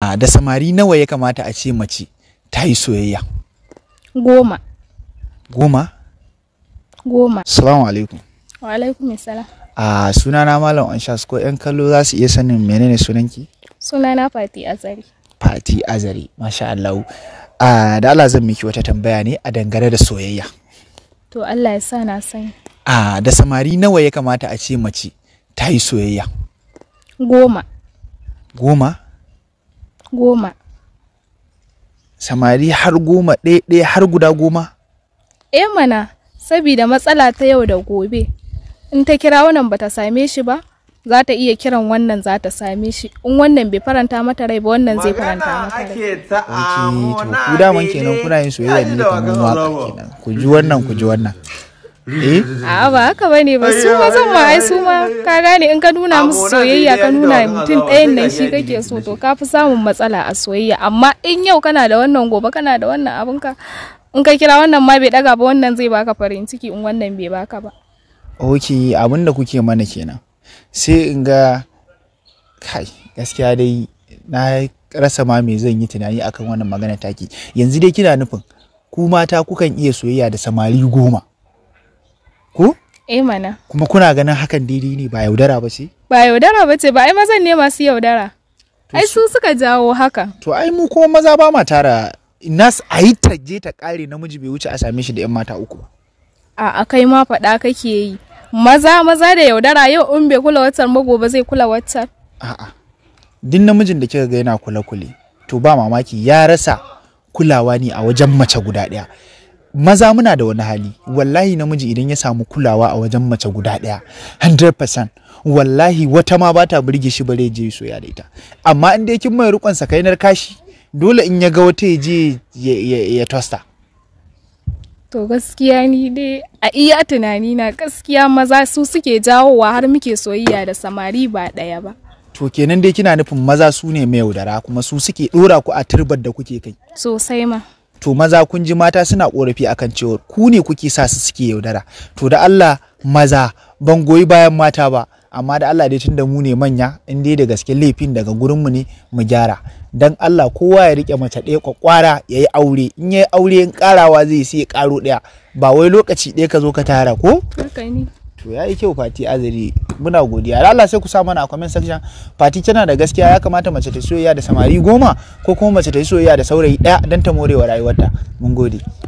da samari nawa ya kamata a ce mace ta yi soyayya? Goma. Goma? Goma. Salamu alaikum. Wa alaikum salam. A sunana Malam Anshas ko 'yan kallo za su iya sanin menene sunanki? Sunana Fati Azari. Fati Azari, masha Allah. da Allah zan miki wata tambaya ne a dangane da soyayya. To Allah ya sa na sani. A da samari nawa ya kamata a ce mace ta yi soyayya? Goma. Goma? Goma. Samari har goma ɗaya ɗaya har guda goma? E mana, sabida matsala ta yau da gobe. In ta kira wannan bata same shi ba, za ta iya kiran wannan za ta same shi in wannan bai faranta mata rai ba wannan zai faranta mata rai kenan kuna yin soyayya ne kamar waka kenan ku ji wannan ku ji wannan Eh? a ba haka ba ne ba su mazan ma ai su ma ka gane in ka nuna musu soyayya ka nuna mutum ɗayan nan shi kake so to ka fi samun matsala a soyayya amma in yau kana da wannan gobe kana da wannan abinka in ka kira wannan ma bai daga ba wannan zai baka farin ciki in wannan bai baka ba ok abin da kuke mana kenan sai in ga kai gaskiya dai na rasa ma me zan yi tunani akan wannan magana taki yanzu dai kina nufin ku mata kukan iya soyayya da samari goma ko eh mana kuma kuna ganin hakan daidai ne ba yaudara ba ce ba yaudara ba ce ba ai mazan ne masu yaudara ai su suka jawo haka to ai mu kuma maza ba ma tara nas a yi ta je ta kare namiji bai wuce a same shi da yan mata uku ba a kai ma faɗa kake yi maza maza da yaudara yau in bai kula waccan ba gobe zai kula waccan a'a duk namijin da kika ga yana kula kule to ba mamaki ya rasa kulawa ne a wajen mace guda ɗaya maza muna da wani hali wallahi namiji idan ya samu kulawa a wajen mace guda ɗaya 100% wallahi wata ma ba ta burge shi bare je soya da ita amma in dai kin mai rukon sakainar kashi dole in ya ga wata ya je ya tosta to gaskiya ni dai a iya tunani na gaskiya maza su suke jawowa har muke soyayya da samari ba ɗaya ba to kenan dai kina nufin maza su ne mai yaudara kuma su suke ɗora ku a turbar da kuke kai sosai ma to maza kun ji mata suna korafi akan cewa ku ne kuke sa su suke yaudara to da Allah maza ban goyi bayan mata ba amma da Allah dai tunda mu ne manya in dai da gaske laifin daga gurin mu ne mu gyara dan Allah kowa ya rike mace ɗaya kwakwara yayi aure in yayi aure in karawa zai sai karo ɗaya ba wai lokaci ɗaya ka zo ka tara ko to ya yi kyau fati azari muna godiya Allah sai ku sa mana a comment section fati tana da gaskiya ya kamata mace ta soyayya da samari goma ko kuma mace ta soyayya da saurayi daya dan ta morewa rayuwarta mun gode